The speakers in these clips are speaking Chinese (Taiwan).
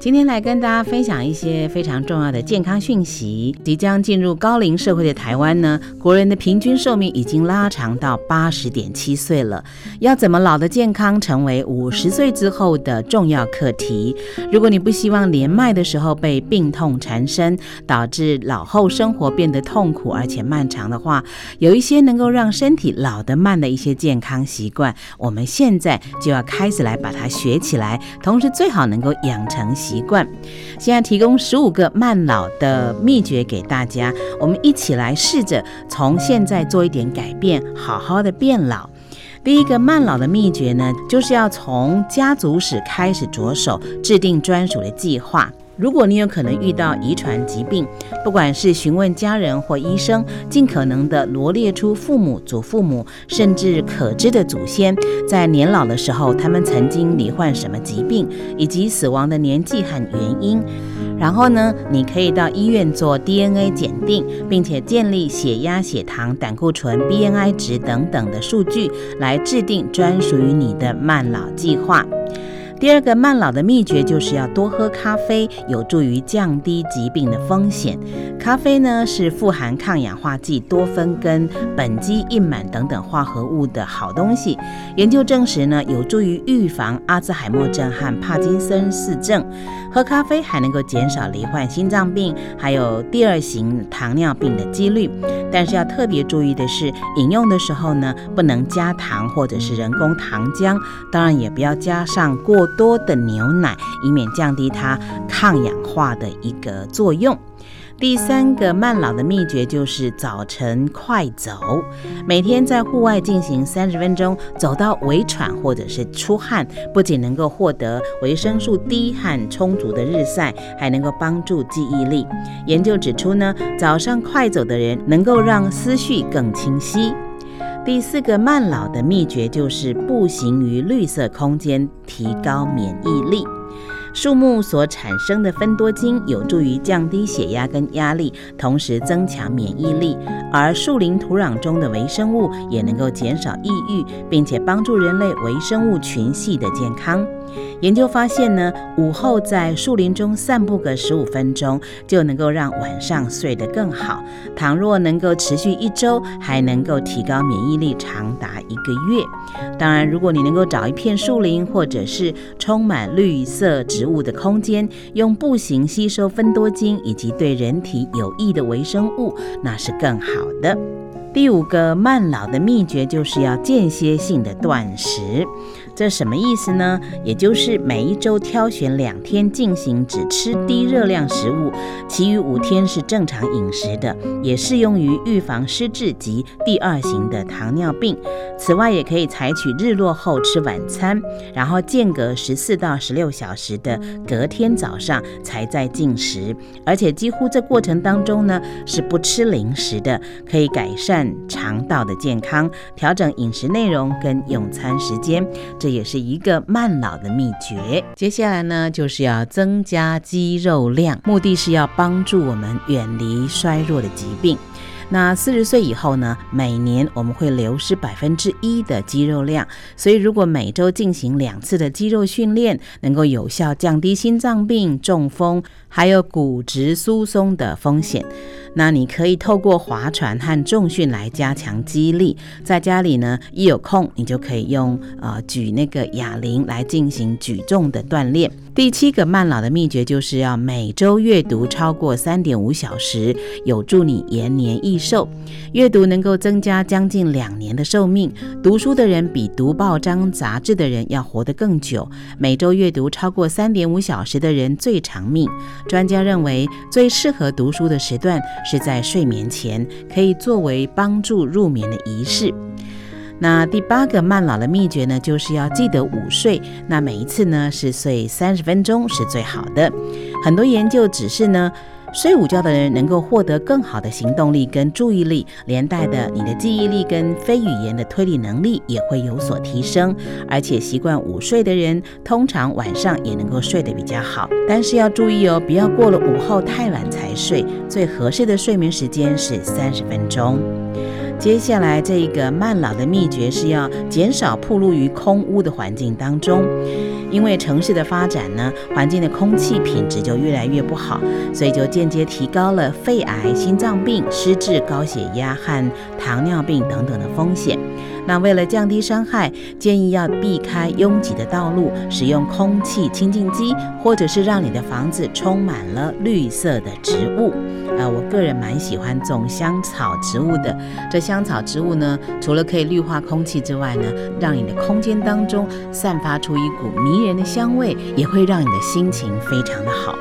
今天來跟大家分享一些非常重要的健康訊息。即將進入高齡社會的台灣呢，國人的平均壽命已經拉長到八十點七歲了。要怎麼老得健康，成為五十歲之後的重要課題。如果你不希望年邁的時候被病痛纏身，導致老後生活變得痛苦而且漫長的話，有一些能夠讓身體老得慢的一些健康習慣，我們現在就要開始來把它學起來。同時，最好能夠養成。習慣。現在提供十五個慢老的秘訣給大家，我們一起來試着從現在做一點改變，好好的變老。第一個慢老的秘訣呢，就是要從家族史開始着手，制定專屬的計劃。如果你有可能遇到遺傳疾病，不管是詢問家人或醫生，盡可能的羅列出父母、祖父母，甚至可知的祖先，在年老的時候，他們曾經罹患什麼疾病，以及死亡的年紀和原因。然後呢，你可以到醫院做 DNA 鑑定，並且建立血壓、血糖、膽固醇、BMI 值等等的數據，來制定專屬於你的慢老計劃。第二個慢老的秘訣就是要多喝咖啡，有助於降低疾病的風險。咖啡呢是富含抗氧化劑多酚跟苯基茚滿等等化合物的好東西。研究證實呢，有助於預防阿茲海默症和帕金森氏症。喝咖啡還能夠減少罹患心臟病，還有第二型糖尿病的幾率。但是要特別注意的是，飲用的時候呢，不能加糖或者是人工糖漿，當然也不要加上過多的牛奶，以免降低它抗氧化的一個作用。第三個慢老的秘訣就是早晨快走，每天在戶外進行三十分鐘，走到微喘或者是出汗，不僅能夠獲得維生素 D 和充足的日曬，還能夠幫助記憶力。研究指出呢，早上快走的人能夠讓思緒更清晰。第四個慢老的秘訣就是步行於綠色空間，提高免疫力。樹木所產生的芬多精有助於降低血壓跟壓力，同時增強免疫力。而樹林土壤中的微生物也能夠減少抑鬱，並且幫助人類微生物群系的健康。研究發現呢，午後在樹林中散步個十五分鐘，就能夠讓晚上睡得更好。倘若能夠持續一周，還能夠提高免疫力長達一個月。當然，如果你能夠找一片樹林，或者是充滿綠色植物的空間，用步行吸收芬多精以及對人體有益的微生物，那是更好的。第五個慢老的秘訣就是要間歇性的斷食。這什麼意思呢？也就是每一周挑選兩天進行只吃低熱量食物，其餘五天是正常飲食的，也適用於預防失智及第二型的糖尿病。此外，也可以採取日落後吃晚餐，然後間隔十四到十六小時的隔天早上才再進食，而且幾乎這過程當中呢，是不吃零食的，可以改善腸道的健康，調整飲食內容跟用餐時間。這也是一個慢老的秘訣。接下來呢，就是要增加肌肉量，目的是要幫助我們遠離衰弱的疾病。那四十歲以後呢，每年我們會流失百分之一的肌肉量，所以如果每周進行兩次的肌肉訓練，能夠有效降低心臟病、中風。還有骨質疏鬆的風險，那你可以透過划船和重訓來加強肌力。在家裡呢，一有空你就可以用呃舉那個啞鈴來進行舉重的鍛鍊。第七個慢老的秘訣就是要每周閱讀超過三點五小時，有助你延年益壽。閱讀能夠增加將近兩年的壽命。讀書的人比讀報章雜誌的人要活得更久。每周閱讀超過三點五小時的人最長命。專家認為，最適合讀書的時段是在睡眠前，可以作為幫助入眠的儀式。那第八個慢老的秘訣呢，就是要記得午睡。那每一次呢，是睡三十分鐘是最好的。很多研究指示呢。睡午覺的人能夠獲得更好的行動力跟注意力，連帶的你的記憶力跟非語言的推理能力也會有所提升。而且習慣午睡的人，通常晚上也能夠睡得比較好。但是要注意哦，不要過了午後太晚才睡，最合適的睡眠時間是三十分鐘。接下來這一個慢老的秘訣是要減少暴露於空污的環境當中。因為城市的發展呢，環境的空氣品質就越來越不好，所以就間接提高了肺癌、心臟病、失智、高血壓和糖尿病等等的風險。那為了降低傷害，建議要避開擁擠的道路，使用空氣清淨機，或者是讓你的房子充滿了綠色的植物。呃，我個人蠻喜歡種香草植物的。這香草植物呢，除了可以綠化空氣之外呢，讓你的空間當中散發出一股迷人的香味，也會讓你的心情非常的好。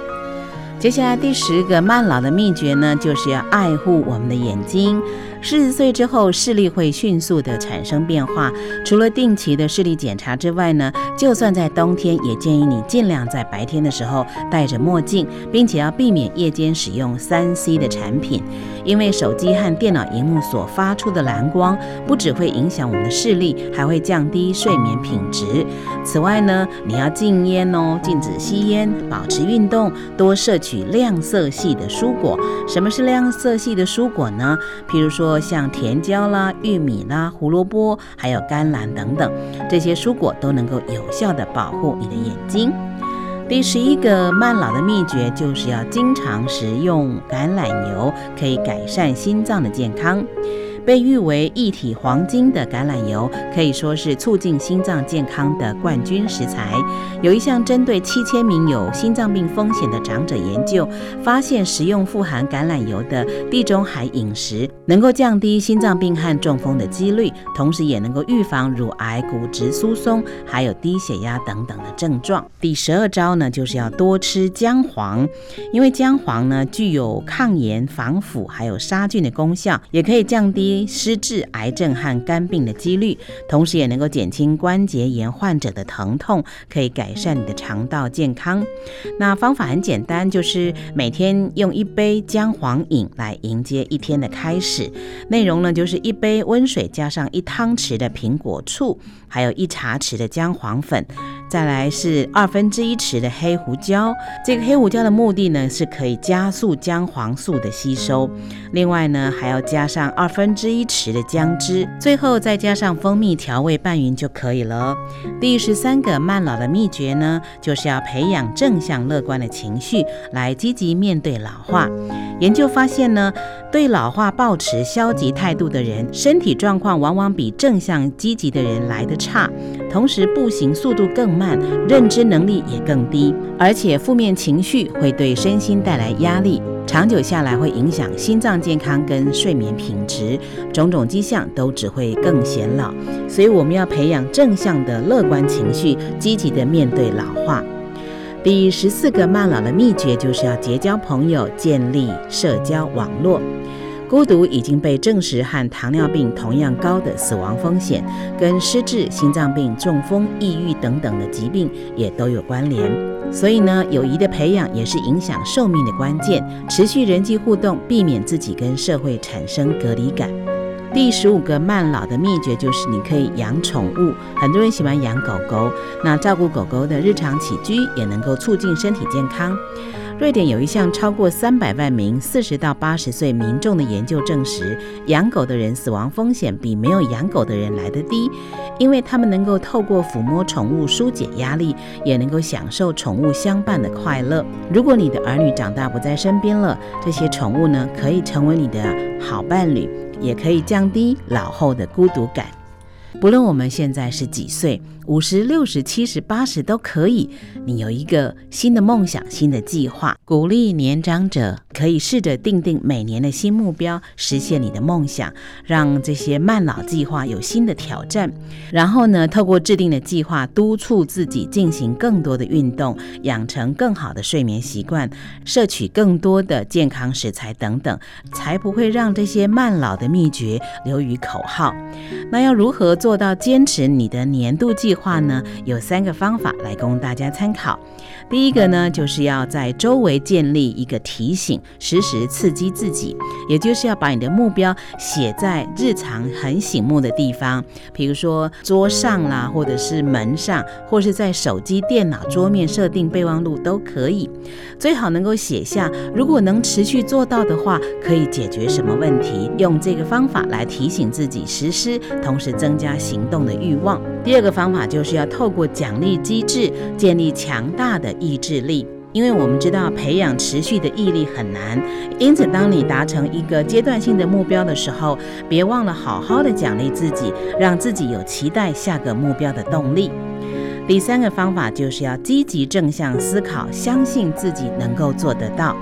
接下來第十個慢老的秘訣呢，就是要愛護我們的眼睛。四十歲之後，視力會迅速的產生變化。除了定期的視力檢查之外呢，就算在冬天，也建議你盡量在白天的時候戴着墨鏡，並且要避免夜間使用三 C 的產品，因為手機和電腦熒幕所發出的藍光，不只會影響我們的視力，還會降低睡眠品質。此外呢，你要禁菸哦，禁止吸菸，保持運動，多攝取亮色系的蔬果。什麼是亮色系的蔬果呢？譬如說，像甜椒啦、玉米啦、胡蘿蔔，還有甘藍等等，這些蔬果都能夠有效的保護你的眼睛。第十一個慢老的秘訣就是要經常食用橄欖油，可以改善心臟的健康。被譽為一體黃金的橄欖油，可以說是促進心臟健康的冠軍食材。有一項針對七千名有心臟病風險的長者研究，發現食用富含橄欖油的地中海飲食，能夠降低心臟病和中風的幾率，同時也能夠預防乳癌、骨質疏鬆，還有低血壓等等的症狀。第十二招呢，就是要多吃薑黃，因為薑黃呢具有抗炎、防腐，還有殺菌的功效，也可以降低失智、癌症和肝病的幾率，同時也能夠減輕關節炎患者的疼痛，可以改。改善你的腸道健康，那方法很簡單，就是每天用一杯薑黃飲來迎接一天的開始。內容呢，就是一杯溫水加上一湯匙的蘋果醋，還有一茶匙的薑黃粉。再來是二分之一匙的黑胡椒，這個黑胡椒的目的呢，是可以加速薑黃素的吸收。另外呢，還要加上二分之一匙的薑汁，最後再加上蜂蜜調味，拌勻就可以了。第十三個慢老的秘訣呢，就是要培養正向樂觀的情緒，來積極面對老化。研究發現呢，對老化抱持消極態度的人，身體狀況往往比正向積極的人來得差。同時，步行速度更慢，認知能力也更低，而且負面情緒會對身心帶來壓力，長久下來會影響心臟健康跟睡眠品質，種種跡象都只會更顯老。所以，我們要培養正向的樂觀情緒，積極的面對老化。第十四個慢老的秘訣就是要結交朋友，建立社交網絡。孤獨已經被證實和糖尿病同樣高的死亡風險，跟失智、心臟病、中風、抑鬱等等的疾病也都有關聯。所以呢，友誼的培養也是影響壽命的關鍵。持續人際互動，避免自己跟社會產生隔離感。第十五個慢老的秘訣就是你可以養寵物。很多人喜歡養狗狗，那照顧狗狗的日常起居也能夠促進身體健康。瑞典有一項超過三百萬名四十到八十歲民眾的研究證實，養狗的人死亡風險比沒有養狗的人來得低，因為他們能夠透過撫摸寵物疏解壓力，也能夠享受寵物相伴的快樂。如果你的兒女長大不在身邊了，這些寵物呢，可以成為你的好伴侶，也可以降低老後的孤獨感。不論我們現在是幾歲，五十、六十、七十、八十都可以，你有一個新的夢想、新的計劃，鼓勵年長者。可以試着訂定每年的新目標，實現你的夢想，讓這些慢老計劃有新的挑戰。然後呢，透過制定的計劃，督促自己進行更多的運動，養成更好的睡眠習慣，攝取更多的健康食材等等，才不會讓這些慢老的秘訣流於口號。那要如何做到堅持你的年度計劃呢？有三個方法來供大家參考。第一個呢，就是要在周圍建立一個提醒。時時刺激自己，也就是要把你的目標寫在日常很醒目的地方，比如說桌上啦，或者是門上，或是在手機、電腦桌面設定備忘錄都可以。最好能夠寫下，如果能持續做到的話，可以解決什麼問題。用這個方法來提醒自己實施，同時增加行動的慾望。第二個方法就是要透過獎勵機制建立強大的意志力。因為我們知道培養持續的毅力很難，因此當你達成一個階段性的目標的時候，別忘了好好的獎勵自己，讓自己有期待下個目標的動力。第三個方法就是要積極正向思考，相信自己能夠做得到，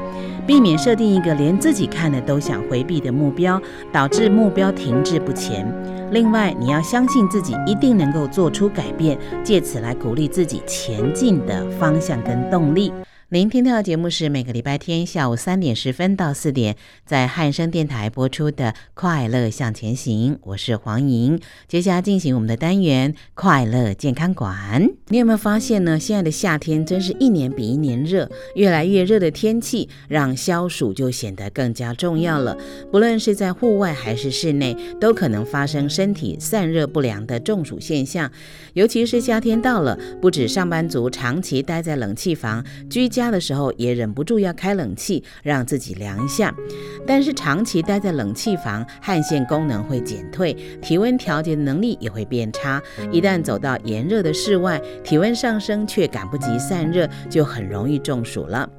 避免設定一個連自己看的都想回避的目標，導致目標停滯不前。另外，你要相信自己一定能夠做出改變，借此來鼓勵自己前進的方向跟動力。您聽到的節目是每個禮拜天下午三點十分到四點，在漢聲電台播出的《快樂向前行》，我是黃瑩。接下來進行我們的單元《快樂健康館》。你有沒有發現呢？現在的夏天真是一年比一年熱，越來越熱的天氣讓消暑就顯得更加重要了。不論是在戶外還是室內，都可能發生身體散熱不良的中暑現象。尤其是夏天到了，不止上班族長期待在冷氣房，居家，家的時候也忍不住要開冷氣讓自己涼一下，但是長期待在冷氣房，汗腺功能會減退，體溫調節能力也會變差。一旦走到炎熱的室外，體溫上升卻趕不及散熱，就很容易中暑了。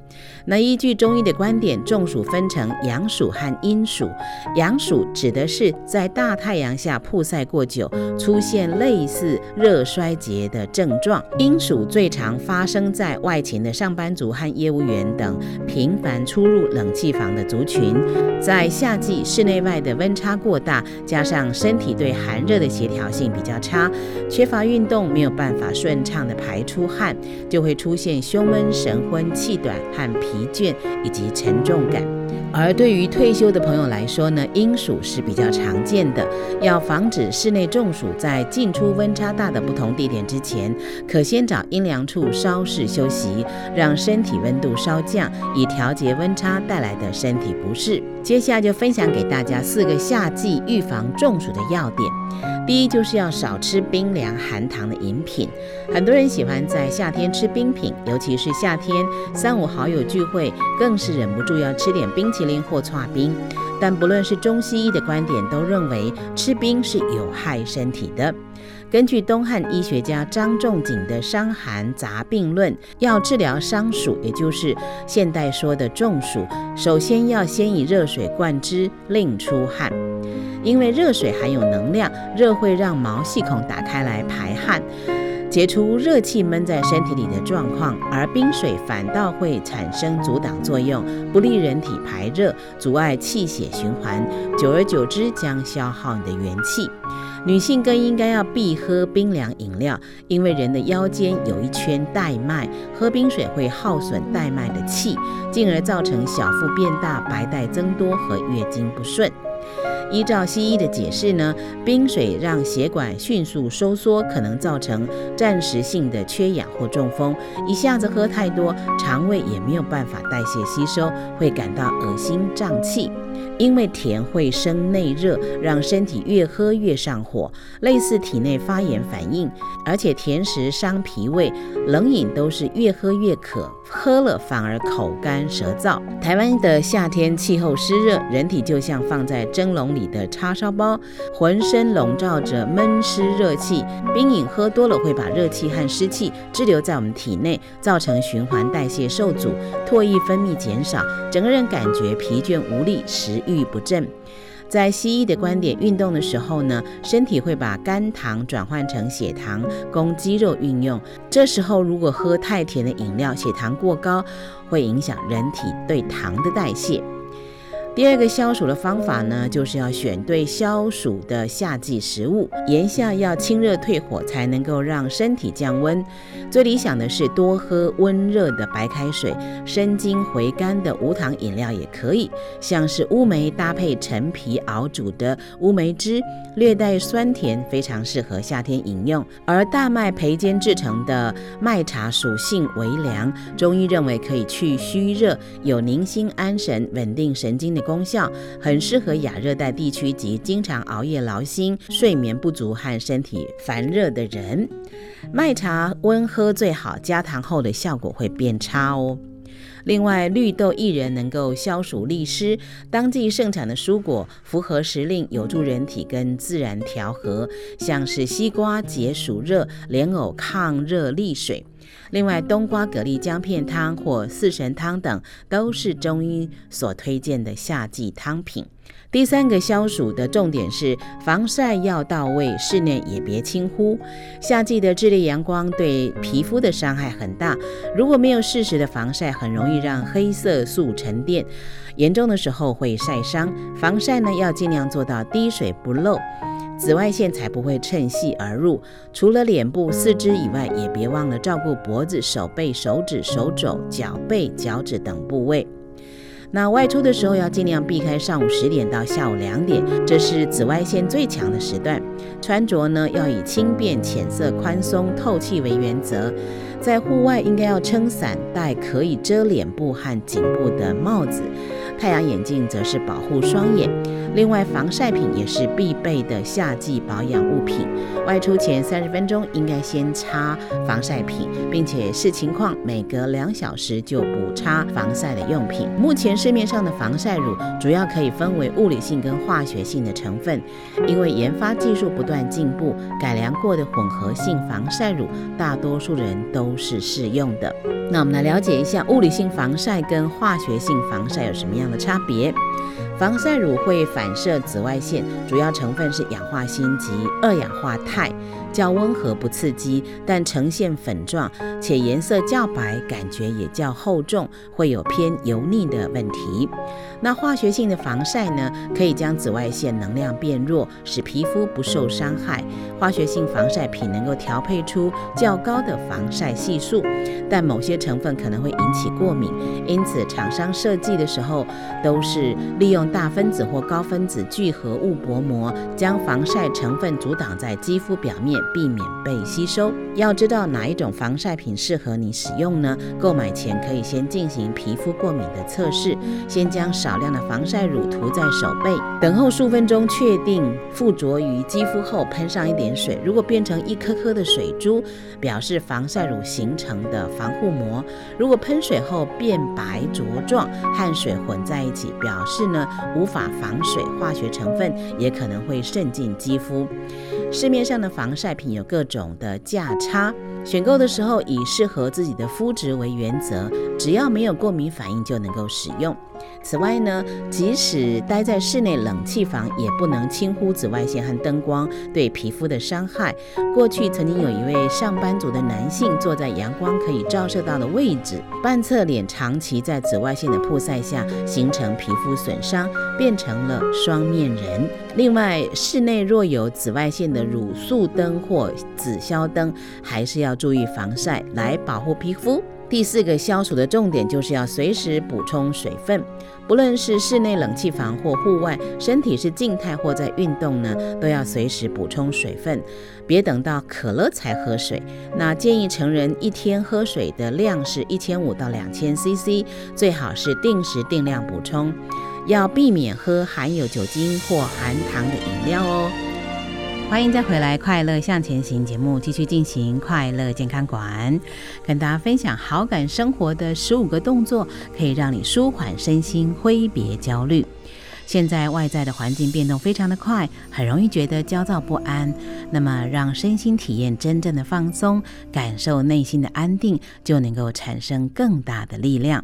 那依據中醫的觀點，中暑分成陽暑和陰暑。陽暑指的是在大太陽下曝曬過久，出現類似熱衰竭的症狀。陰暑最常發生在外勤的上班族和業務員等頻繁出入冷氣房的族群。在夏季，室內外的溫差過大，加上身體對寒熱的協調性比較差，缺乏運動，沒有辦法順暢地排出汗，就會出現胸悶、神昏、氣短、疲倦以及沉重感，而對於退休的朋友來說呢，陰暑是比較常見的。要防止室內中暑，在進出溫差大的不同地點之前，可先找陰涼處稍事休息，讓身體溫度稍降，以調節溫差帶來的身體不適。接下來就分享給大家四個夏季預防中暑的要點。第一，就是要少吃冰涼含糖的飲品。很多人喜歡在夏天吃冰品，尤其是夏天三五好友聚會，更是忍不住要吃點冰淇淋或刨冰。但不論是中西醫的觀點，都認為吃冰是有害身體的。根據東漢醫學家張仲景的《傷寒雜病論》，要治療傷暑，也就是現代說的中暑，首先要先以熱水灌之，令出汗。因為熱水含有能量，熱會讓毛細孔打開來排汗，解除熱氣悶在身體裡的狀況；而冰水反倒會產生阻擋作用，不利人體排熱，阻礙氣血循環，久而久之將消耗你的元氣。女性更應該要避免喝冰涼飲料，因為人的腰間有一圈帶脈，喝冰水會耗損帶脈的氣，進而造成小腹變大、白帶增多和月經不順。依照西醫的解釋呢，冰水讓血管迅速收縮，可能造成暫時性的缺氧或中風。一下子喝太多，腸胃也沒有辦法代謝吸收，會感到惡心脹氣。因為甜會生內熱，讓身體越喝越上火，類似體內發炎反應。而且甜食傷脾胃，冷飲都是越喝越渴，喝了反而口乾舌燥。台灣的夏天氣候濕熱，人體就像放在蒸籠裡。你的叉燒包渾身籠罩着悶濕熱氣，冰飲喝多了會把熱氣和濕氣滯留在我們體內，造成循環代謝受阻，唾液分泌減少，整個人感覺疲倦無力，食欲不振。在西醫的觀點，運動的時候呢，身體會把肝糖轉換成血糖供肌肉運用，這時候如果喝太甜的飲料，血糖過高，會影響人體對糖的代謝。第二個消暑的方法呢，就是要選對消暑的夏季食物。炎夏要清熱退火，才能夠讓身體降溫。最理想的是多喝溫熱的白開水，生津回甘的無糖飲料也可以，像是烏梅搭配陳皮熬煮的烏梅汁，略帶酸甜，非常適合夏天飲用。而大麥焙煎製成的麥茶，屬性為涼，中醫認為可以去虛熱，有寧心安神、穩定神經的。功效，很適合亞熱帶地區及經常熬夜勞心、睡眠不足和身體煩熱的人。麥茶溫喝最好，加糖後的效果會變差哦。另外，綠豆薏仁能夠消暑利濕，當季盛產的蔬果符合時令，有助人體跟自然調和，像是西瓜解暑熱，蓮藕抗熱利水。另外，冬瓜、蛤蜊、薑片湯或四神湯等都是中醫所推薦的夏季湯品。第三個消暑的重點是防曬要到位，室內也別輕忽。夏季的熾烈陽光對皮膚的傷害很大，如果沒有適時的防曬，很容易讓黑色素沉澱，嚴重的時候會曬傷。防曬呢，要盡量做到滴水不漏。紫外線才不會趁隙而入。除了臉部、四肢以外，也別忘了照顧脖子、手背、手指、手肘、腳背、腳趾等部位。那外出的時候要盡量避開上午十點到下午兩點，這是紫外線最強的時段。穿着呢，要以輕便、淺色、寬鬆、透氣為原則。在戶外應該要撐傘，戴可以遮臉部和頸部的帽子，太陽眼鏡則是保護雙眼。另外，防曬品也是必備的夏季保養物品。外出前三十分鐘應該先擦防曬品，並且視情況每隔兩小時就補擦防曬的用品。目前市面上的防曬乳主要可以分為物理性跟化學性的成分。因為研發技術不斷進步，改良過的混合性防曬乳，大多數人都是適用的。那我們來了解一下物理性防曬跟化學性防曬有什麼樣的差別。防曬乳會反射紫外線，主要成分是氧化鋅及二氧化鈦。較溫和不刺激，但呈現粉狀且顏色較白，感覺也較厚重，會有偏油膩的問題。那化學性的防曬呢？可以將紫外線能量變弱，使皮膚不受傷害。化學性防曬品能夠調配出較高的防曬係數，但某些成分可能會引起過敏，因此廠商設計的時候都是利用大分子或高分子聚合物薄膜，將防曬成分阻擋在肌膚表面。避免被吸收。要知道哪一種防曬品適合你使用呢？購買前可以先進行皮膚過敏的測試。先將少量的防曬乳塗在手背，等候數分鐘，確定附着於肌膚後，噴上一點水。如果變成一顆顆的水珠，表示防曬乳形成的防護膜；如果噴水後變白濁狀，汗水混在一起，表示呢，無法防水，化學成分也可能會滲進肌膚。市面上的防曬品有各種的價差，選購的時候，以適合自己的膚質為原則，只要沒有過敏反應就能夠使用。此外呢，即使待在室內冷氣房，也不能輕忽紫外線和燈光對皮膚的傷害。過去曾經有一位上班族的男性，坐在陽光可以照射到的位置，半側臉長期在紫外線的曝曬下，形成皮膚損傷，變成了雙面人。另外，室內若有紫外線的鹵素燈或紫消燈，還是要注意防曬來保護皮膚。第四個消暑的重點就是要隨時補充水分，不論是室內冷氣房或戶外，身體是靜態或在運動呢，都要隨時補充水分，別等到渴了才喝水。那建議成人一天喝水的量是一千五到兩千 CC，最好是定時定量補充，要避免喝含有酒精或含糖的飲料哦。歡迎再回來，《快樂向前行》節目繼續進行。快樂健康館跟大家分享，好感生活的十五個動作，可以讓你舒緩身心，揮別焦慮。現在外在的環境變動非常的快，很容易覺得焦躁不安。那麼，讓身心體驗真正的放鬆，感受內心的安定，就能夠產生更大的力量。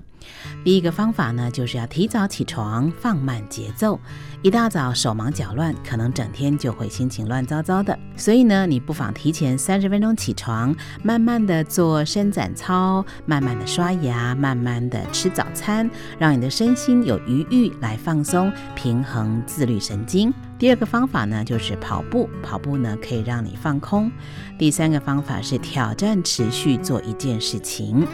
第一個方法呢，就是要提早起床，放慢節奏。一大早手忙腳亂，可能整天就會心情亂糟糟的。所以呢，你不妨提前三十分鐘起床，慢慢的做伸展操，慢慢的刷牙，慢慢的吃早餐，讓你的身心有餘裕來放鬆，平衡自律神經。第二個方法呢，就是跑步。跑步呢，可以讓你放空。第三個方法是挑戰持續做一件事情。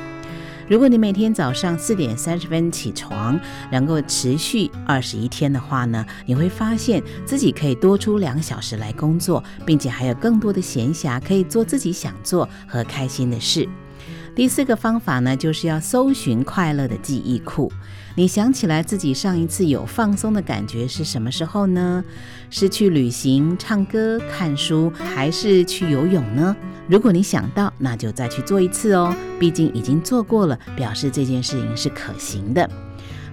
如果你每天早上四點三十分起床，能夠持續二十一天的話呢，你會發現自己可以多出兩小時來工作，並且還有更多的閒暇可以做自己想做和開心的事。第四個方法呢，就是要搜尋快樂的記憶庫。你想起來自己上一次有放鬆的感覺是什麼時候呢？是去旅行、唱歌、看書，還是去游泳呢？如果你想到，那就再去做一次哦。畢竟已經做過了，表示這件事情是可行的。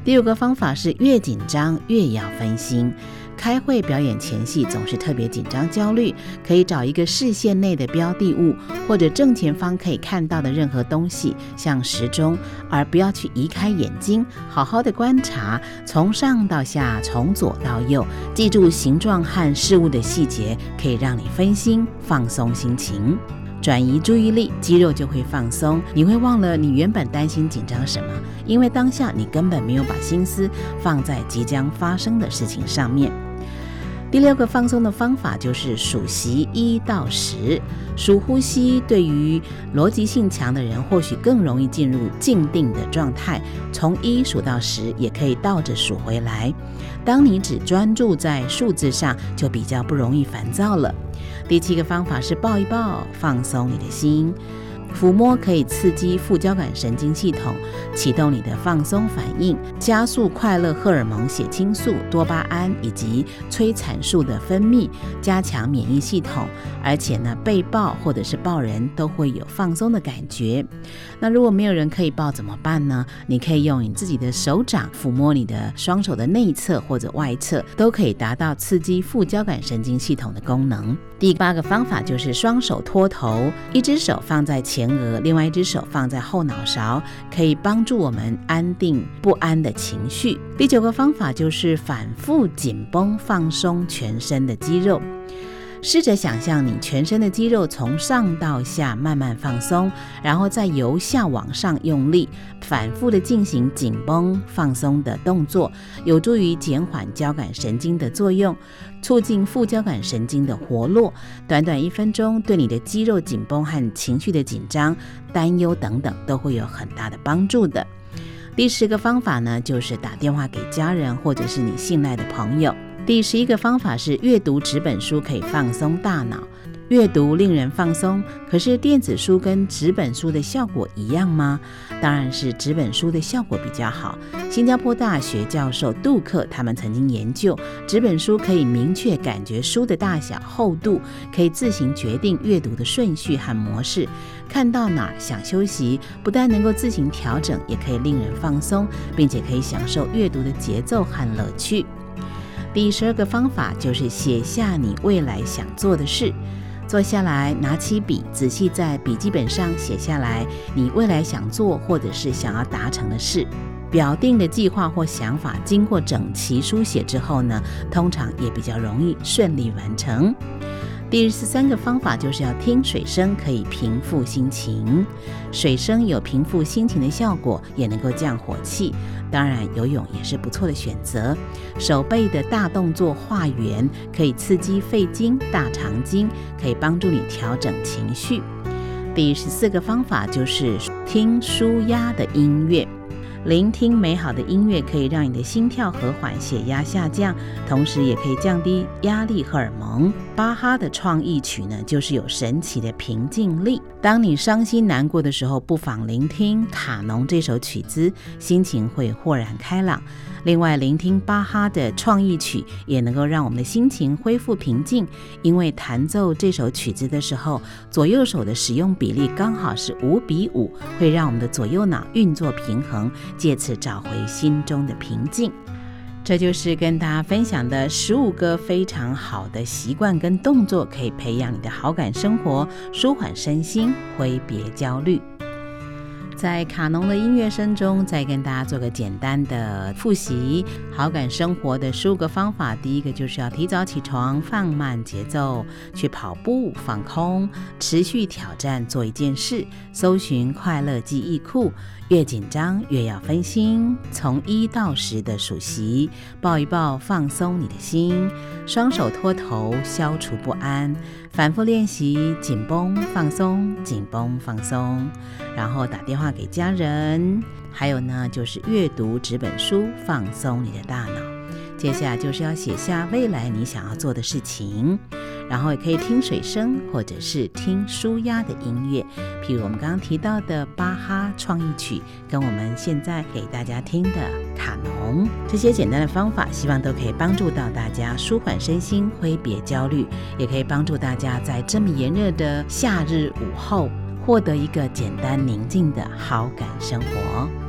第五個方法是，越緊張越要分心。開會表演前夕總是特別緊張焦慮，可以找一個視線內的標的物或者正前方可以看到的任何東西，像時鐘，而不要去移開眼睛，好好的觀察，從上到下，從左到右，記住形狀和事物的細節，可以讓你分心放鬆心情，轉移注意力，肌肉就會放鬆，你會忘了你原本擔心緊張什麼，因為當下你根本沒有把心思放在即將發生的事情上面。第六個放鬆的方法就是數息一到十。數呼吸對於邏輯性強的人，或許更容易進入靜定的狀態。從一數到十，也可以倒着數回來。當你只專注在數字上，就比較不容易煩躁了。第七個方法是抱一抱，放鬆你的心。撫摸可以刺激副交感神經系統，啟動你的放鬆反應，加速快樂荷爾蒙血清素、多巴胺以及催產素的分泌，加強免疫系統。而且呢，被抱或者是抱人都會有放鬆的感覺。那如果沒有人可以抱怎麼辦呢？你可以用你自己的手掌撫摸你的雙手的內側或者外側，都可以達到刺激副交感神經系統的功能。第八個方法就是雙手托頭，一隻手放在前前額，另外一只手放在後腦勺，可以幫助我們安定不安的情緒。第九個方法就是反覆緊繃、放鬆全身的肌肉。試着想象你全身的肌肉從上到下慢慢放鬆，然後再由下往上用力，反覆的進行緊繃放鬆的動作，有助於減緩交感神經的作用，促進副交感神經的活絡。短短一分鐘，對你的肌肉緊繃和情緒的緊張、擔憂等等，都會有很大的幫助的。第十個方法呢，就是打電話給家人或者是你信賴的朋友。第十一個方法是閱讀紙本書可以放鬆大腦，閱讀令人放鬆。可是電子書跟紙本書的效果一樣嗎？當然是紙本書的效果比較好。新加坡大學教授杜克他們曾經研究，紙本書可以明確感覺書的大小、厚度，可以自行決定閱讀的順序和模式，看到哪想休息，不但能夠自行調整，也可以令人放鬆，並且可以享受閱讀的節奏和樂趣。第十二個方法就是寫下你未來想做的事。坐下來，拿起筆，仔細在筆記本上寫下來你未來想做或者是想要達成的事。表定的計劃或想法，經過整齊書寫之後呢，通常也比較容易順利完成。第十三個方法就是要聽水聲，可以平復心情。水聲有平復心情的效果，也能夠降火氣。當然，游泳也是不錯的選擇。手背的大動作畫圓，可以刺激肺經、大腸經，可以幫助你調整情緒。第十四個方法就是聽舒壓的音樂。聆聽美好的音樂，可以讓你的心跳和緩，血壓下降，同時也可以降低壓力荷爾蒙。巴哈的創意曲呢，就是有神奇的平靜力。當你傷心難過的時候，不妨聆聽卡農這首曲子，心情會豁然開朗。另外，聆聽巴哈的創意曲也能夠讓我們的心情恢復平靜，因為彈奏這首曲子的時候，左右手的使用比例剛好是五比五，會讓我們的左右腦運作平衡，借此找回心中的平靜。這就是跟大家分享的十五個非常好的習慣跟動作，可以培養你的好感生活，舒緩身心，揮別焦慮。在卡農的音樂聲中，再跟大家做個簡單的複習。好感生活的十五個方法，第一個就是要提早起床，放慢節奏，去跑步，放空，持續挑戰，做一件事，搜尋快樂記憶庫。越緊張越要分心，從一到十的數息，抱一抱放鬆你的心，雙手托頭消除不安，反覆練習緊繃放鬆緊繃放鬆，然後打電話給家人，還有呢就是閱讀紙本書，放鬆你的大腦。接下來就是要寫下未來你想要做的事情，然後也可以聽水聲或者是聽舒壓的音樂，譬如我們剛剛提到的巴哈創意曲，跟我們現在給大家聽的卡農，這些簡單的方法，希望都可以幫助到大家舒緩身心、揮別焦慮，也可以幫助大家在這麼炎熱的夏日午後，獲得一個簡單寧靜的好感生活。